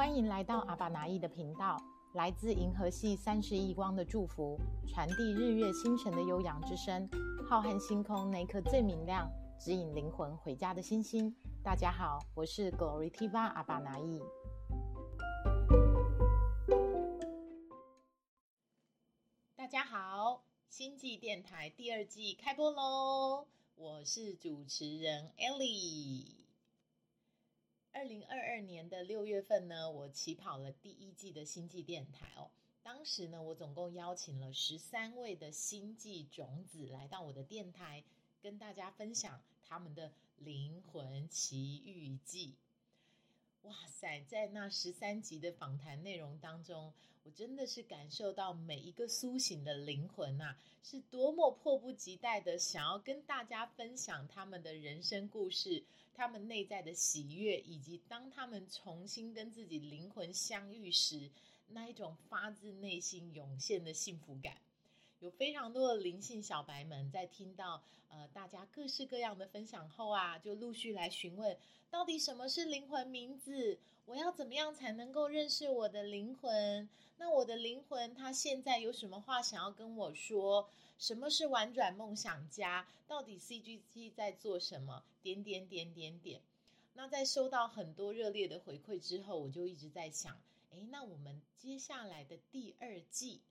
歡迎來到阿爸拿意的頻道，來自銀河系三十億光的祝福，傳遞日月星辰的悠揚之聲。浩瀚星空那顆最明亮，指引靈魂回家的星星。大家好，我是 Glorytiva 阿爸拿意。大家好，星際電台第二季開播嘍！我是主持人 Ellie。二零二二年的六月份呢，我起跑了第一季的星際電台哦。當時呢，我總共邀請了十三位的星際種子來到我的電台，跟大家分享他們的靈魂奇遇記。哇塞，在那十三集的訪談內容當中，我真的是感受到每一個甦醒的靈魂吶、啊，是多麼迫不及待的想要跟大家分享他們的人生故事，他們內在的喜悅，以及當他們重新跟自己靈魂相遇時，那一種發自內心湧現的幸福感。有非常多的靈性小白們在聽到呃，大家各式各樣的分享後啊，就陸續來詢問，到底什麼是靈魂名字？我要怎麼樣才能夠認識我的靈魂？那我的靈魂他現在有什麼話想要跟我說？什麼是婉轉夢想家？到底 CGC 在做什麼？點點點點點。那在收到很多熱烈的回饋之後，我就一直在想，哎，那我們接下來的第二季。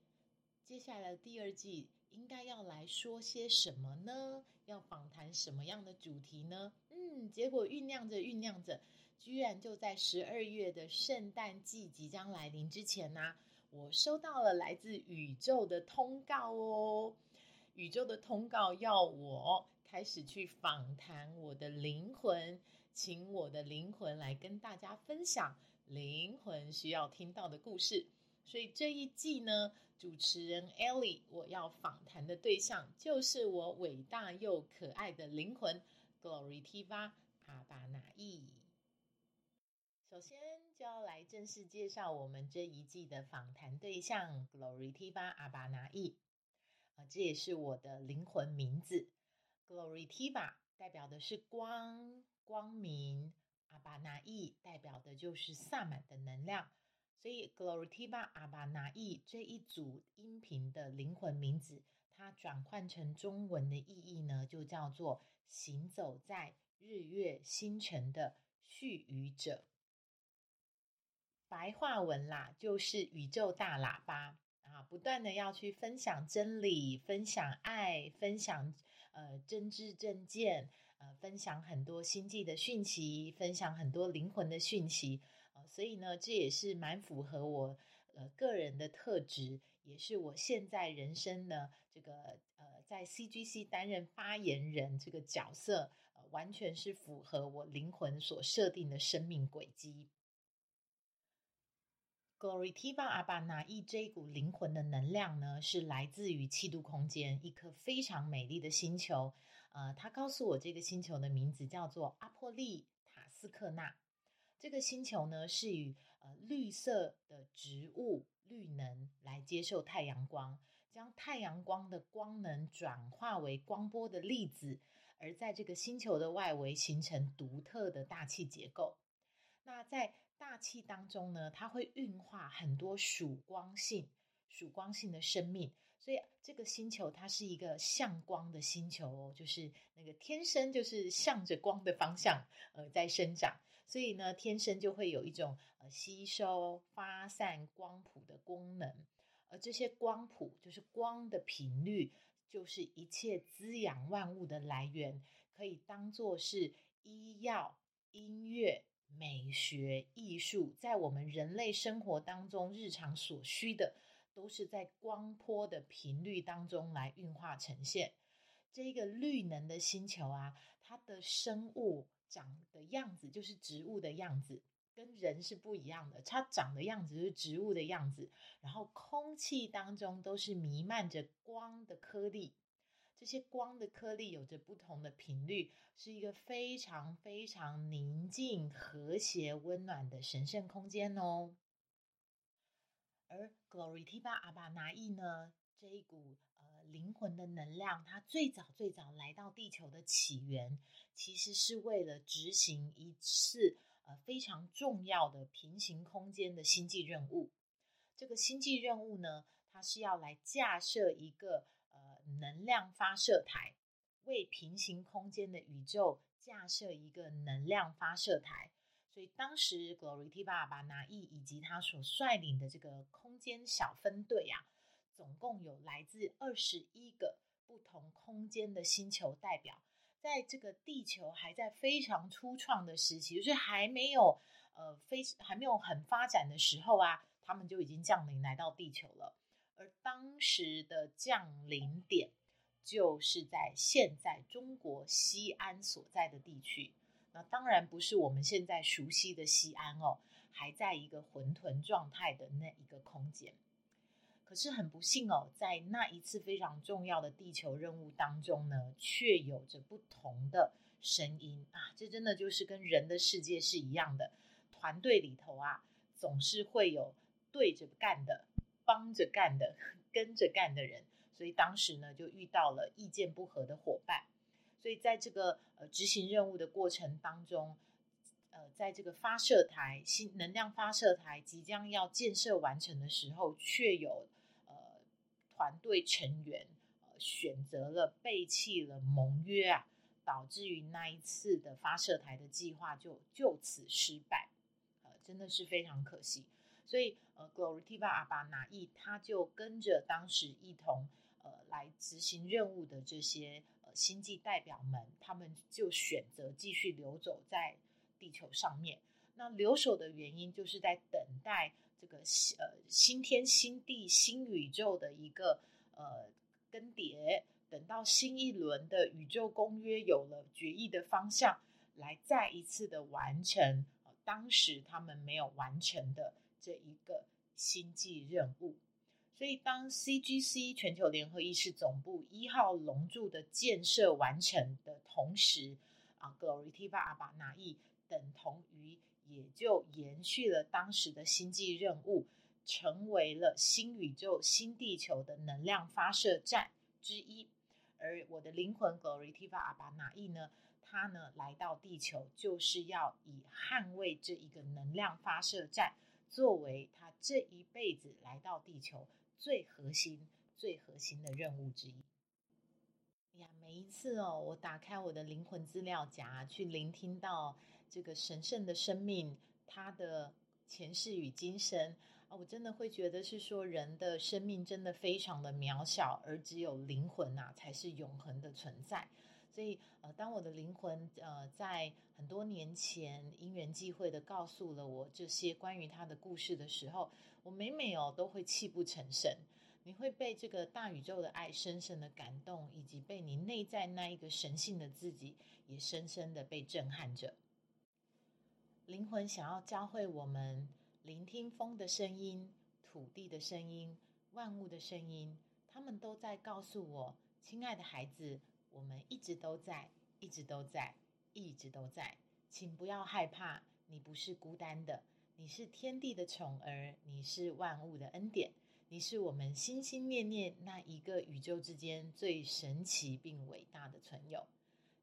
接下來的第二季應該要來說些什麼呢？要訪談什麼樣的主題呢？嗯，結果醞釀着醞釀着，居然就在十二月的聖誕季即將來臨之前呢啊，我收到了來自宇宙的通告哦。宇宙的通告要我開始去訪談我的靈魂，請我的靈魂來跟大家分享靈魂需要聽到的故事。所以這一季呢，主持人 Ellie，我要訪談的對象就是我偉大又可愛的靈魂，Glorytiva 阿巴拿伊。首先就要來正式介紹我們這一季的訪談對象，Glorytiva 阿巴拿伊。啊，這也是我的靈魂名字，Glorytiva 代表的是光光明，阿巴拿伊代表的就是薩滿的能量。所以，Glorytiva Abanayee，這一組音頻的靈魂名字，它轉換成中文的意義呢，就叫做“行走在日月星辰的絮語者”。白話文啦，就是宇宙大喇叭啊，不斷的要去分享真理、分享愛、分享呃真知正見，呃，分享很多星際的訊息，分享很多靈魂的訊息。所以呢，這也是蠻符合我呃個人的特質，也是我現在人生的這個呃在 CGC 擔任發言人這個角色，呃，完全是符合我靈魂所設定的生命軌跡。Glorytiva Abanayee 這一股靈魂的能量呢，是來自於七度空間一顆非常美麗的星球，呃，他告訴我這個星球的名字叫做阿波利塔斯克納。這個星球呢，是以呃綠色的植物綠能來接受太陽光，將太陽光的光能轉化為光波的粒子，而在這個星球的外圍形成獨特的大氣結構。那在大氣當中呢，它會孕化很多屬光性、屬光性的生命，所以這個星球它是一個向光的星球，哦，就是那個天生就是向着光的方向呃在生長。所以呢，天生就會有一種呃吸收發散光譜的功能，而這些光譜就是光的頻率，就是一切滋養萬物的來源，可以當做是醫藥、音樂、美學、藝術，在我們人類生活當中日常所需的，都是在光波的頻率當中來運化呈現。這個綠能的星球啊，它的生物。長的樣子就是植物的樣子，跟人是不一樣的。它長的樣子就是植物的樣子，然後空氣當中都是彌漫着光的顆粒，這些光的顆粒有着不同的頻率，是一個非常非常寧靜、和諧、溫暖的神聖空間哦。而 Glorytiva Abanayee 呢，這一股。靈魂的能量，它最早最早來到地球的起源，其實是為了執行一次呃非常重要的平行空間的星際任務。這個星際任務呢，它是要來架設一個呃能量發射台，為平行空間的宇宙架設一個能量發射台。所以當時 Glorytiva Abanayee 以及他所率領的這個空間小分隊啊。總共有來自二十一個不同空間的星球代表，在這個地球還在非常初創的時期，就是還沒有呃非還沒有很發展的時候啊，他們就已經降臨來到地球了。而當時的降臨點就是在現在中國西安所在的地區。那當然不是我們現在熟悉的西安哦，還在一個混沌狀態的那一個空間。可是很不幸哦，在那一次非常重要的地球任務當中呢，卻有着不同的聲音啊！這真的就是跟人的世界是一樣的，團隊裡頭啊，總是會有對着幹的、幫着幹的、跟着幹的人，所以當時呢，就遇到了意見不合的夥伴。所以在這個呃執行任務的過程當中，呃，在這個發射台、新能量發射台即將要建設完成的時候，卻有團隊成員呃選擇了背棄了盟約啊，導致於那一次的發射台的計劃就就此失敗，呃真的是非常可惜。所以呃，Glorytiva Abanayee，他就跟着當時一同呃來執行任務的這些、呃、星際代表們，他們就選擇繼續留走在地球上面。那留守的原因，就是在等待這個呃新天新地新宇宙的一個呃更迭，等到新一輪的宇宙公約有了決議的方向，來再一次的完成當時他們沒有完成的這一個星際任務。所以，當 CGC 全球聯合意識總部一號龍柱的建設完成的同時，啊，Glorytiva Abanayee 等同於。也就延續了當時的星際任務，成為了新宇宙、新地球的能量發射站之一。而我的靈魂 Glorytiva 阿巴納伊呢，他呢來到地球，就是要以捍衛這一個能量發射站作為他這一輩子來到地球最核心、最核心的任務之一。哎呀，每一次哦，我打開我的靈魂資料夾，去聆聽到。這個神聖的生命，他的前世與今生啊，我真的會覺得是說人的生命真的非常的渺小，而只有靈魂吶、啊，才是永恆的存在。所以呃，當我的靈魂呃在很多年前因緣際會的告訴了我這些關於他的故事的時候，我每每哦都會泣不成聲。你會被這個大宇宙的愛深深的感動，以及被你內在那一個神性的自己也深深的被震撼着。靈魂想要教會我們聆聽風的聲音、土地的聲音、萬物的聲音。他們都在告訴我，親愛的孩子，我們一直都在，一直都在，一直都在。請不要害怕，你不是孤單的，你是天地的寵兒，你是萬物的恩典，你是我們心心念念那一個宇宙之間最神奇並偉大的存有，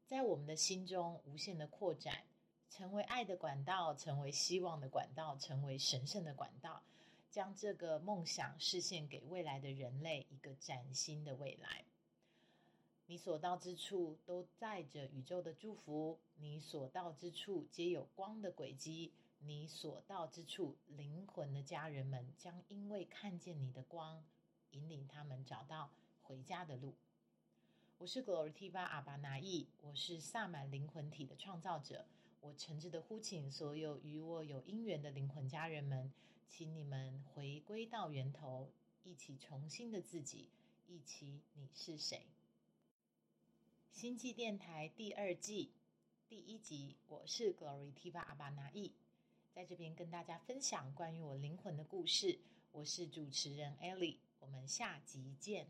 在我們的心中無限的擴展。成為愛的管道，成為希望的管道，成為神聖的管道，將這個夢想實現給未來的人類一個嶄新的未來。你所到之處都載着宇宙的祝福，你所到之處皆有光的軌跡，你所到之處，靈魂的家人們將因為看見你的光，引領他們找到回家的路。我是 Glorytiva Abanayee，我是薩滿靈魂體的創造者。我誠摯的呼請所有與我有姻緣的靈魂家人們，請你們回歸到源頭，一起重新的自己，一起你是誰。星際電台第二季第一集，我是 Glorytiva Abanayee，在這邊跟大家分享關於我靈魂的故事。我是主持人 Ellie，我們下集見。